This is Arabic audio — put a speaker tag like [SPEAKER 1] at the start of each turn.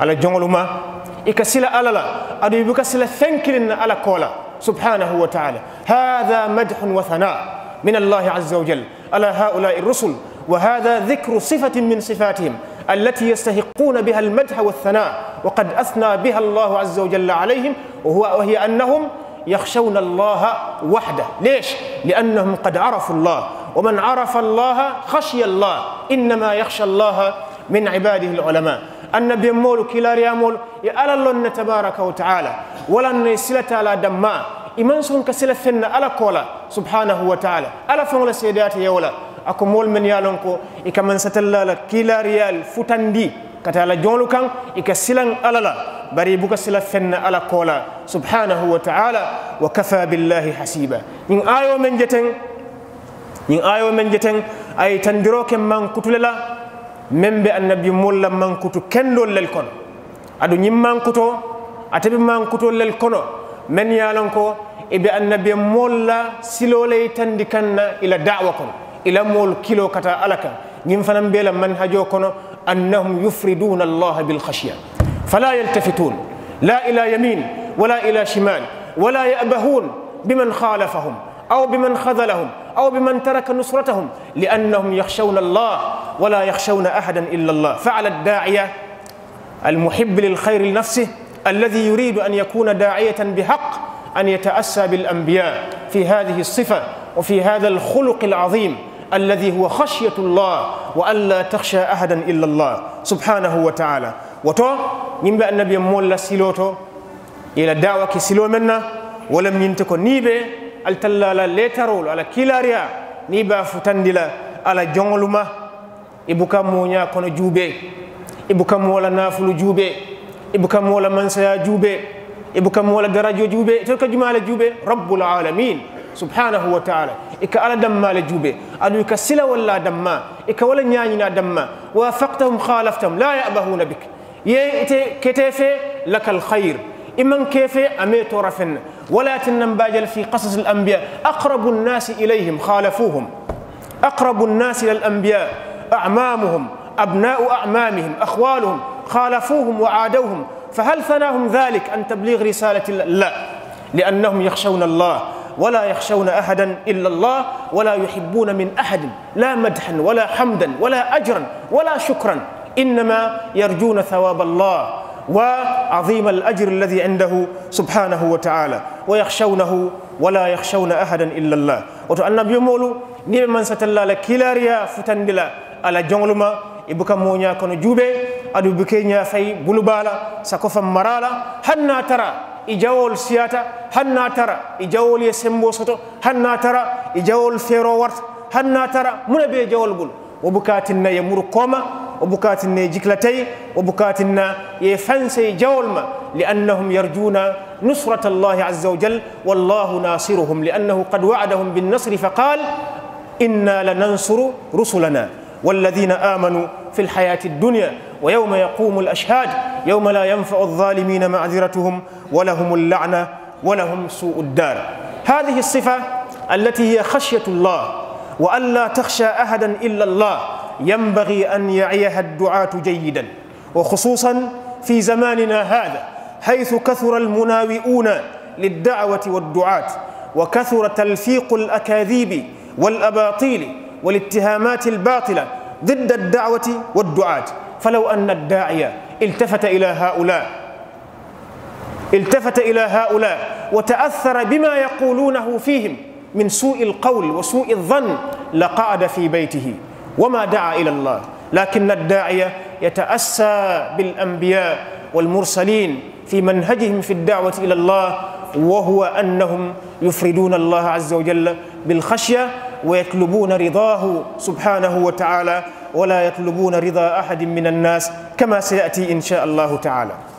[SPEAKER 1] على jongoluma ما ka على لا أدو aduŋ i على كولا سبحانه وتعالى هذا مدح وثناء من الله عز وجل على هؤلاء الرسل وهذا ذكر صفة من صفاتهم التي يستحقون بها المدح والثناء وقد أثنى بها الله عز وجل عليهم وهو وهي أنهم يخشون الله وحده ليش؟ لأنهم قد عرفوا الله ومن عرف الله خشي الله إنما يخشى الله من عباده العلماء أن بيمول كلا ريامول يألا لن تبارك وتعالى ولن نسلت على دماء إمان سون كسل فن على كولا سبحانه وتعالى على فنغل سيدات يولا أكو مول من إكا من ستلا لكلاريا الفتندي كتالا جونلو كان إكسلن على لا bari buka sila fenna ala kola subhanahu wa ta'ala wa kafa إن hasiba من ayo إن jeten من ayo men jeten ay tandiro membe annabi mulla mankutu kendol lel kono adu nyim mankuto atabi mankuto lel kono men yalon ko eɓe annabi mulla silolay tandikanna ila dawa kono ila mol kilo kata alaka nyim fanam bela man hajo kono annahum yufriduna allaha khashya fala yaltafitun la ila yamin wala ila shimal ولا يأبهون بمن خالفهم أو بمن خذلهم أو بمن ترك نصرتهم لأنهم يخشون الله ولا يخشون أحدا إلا الله فعل الداعية المحب للخير لنفسه الذي يريد أن يكون داعية بحق أن يتأسى بالأنبياء في هذه الصفة وفي هذا الخلق العظيم الذي هو خشية الله وألا تخشى أحدا إلا الله سبحانه وتعالى وتو نيمبا النبي مولا سيلوتو إلى دعوة كسلو منا ولم ينتكو نيبة التلا لا ليترول على كلاريا نيبا فتندلا على جنغلما ibuka moña kono juube ibuka mola nafulu juube ibuka mola mansaya juube ibuka mola garajo juube to ka jumala juube rabbul alamin subhanahu wa ta'ala ika ala damma la juube adu ka sila wala damma ika wala nyaanyina damma wafaqtahum khalaftum la ya'bahuna bik ye ite ketefe lakal khair iman kefe أميت رفن ولا تنباجل في قصص الأنبياء أقرب الناس إليهم خالفوهم أقرب الناس إلى الأنبياء أعمامهم أبناء أعمامهم أخوالهم خالفوهم وعادوهم فهل ثناهم ذلك أن تبليغ رسالة الله؟ لا لأنهم يخشون الله ولا يخشون أحدا إلا الله ولا يحبون من أحد لا مدحا ولا حمدا ولا أجرا ولا شكرا إنما يرجون ثواب الله وعظيم الأجر الذي عنده سبحانه وتعالى ويخشونه ولا يخشون أحدا إلا الله وتعالى النبي يقول نعم من ستلا لكلا ريا فتن ala jongluma ibuka moña kono juube adu buke fay bulubala sako fam marala hanna tara ijawol siata hanna tara ijawol yesembo soto hanna tara ijawol fero wart hanna tara muna be jawol gul wo bukatinna ye muru koma وبكاتنا جكلتي وبكاتنا يفنسي جولما لأنهم يرجون نصرة الله عز وجل والله ناصرهم لأنه قد وعدهم بالنصر فقال إنا لننصر رسلنا والذين آمنوا في الحياة الدنيا ويوم يقوم الأشهاد يوم لا ينفع الظالمين معذرتهم ولهم اللعنة ولهم سوء الدار هذه الصفة التي هي خشية الله وألا تخشى أحدا إلا الله ينبغي أن يعيها الدعاة جيدا وخصوصا في زماننا هذا حيث كثر المناوئون للدعوة والدعاة وكثر تلفيق الأكاذيب والأباطيل والاتهامات الباطلة ضد الدعوة والدعاة فلو أن الداعية التفت إلى هؤلاء التفت إلى هؤلاء وتأثر بما يقولونه فيهم من سوء القول وسوء الظن لقعد في بيته وما دعا إلى الله لكن الداعية يتأسى بالأنبياء والمرسلين في منهجهم في الدعوة إلى الله وهو أنهم يفردون الله عز وجل بالخشية ويطلبون رضاه سبحانه وتعالى ولا يطلبون رضا أحد من الناس كما سيأتي إن شاء الله تعالى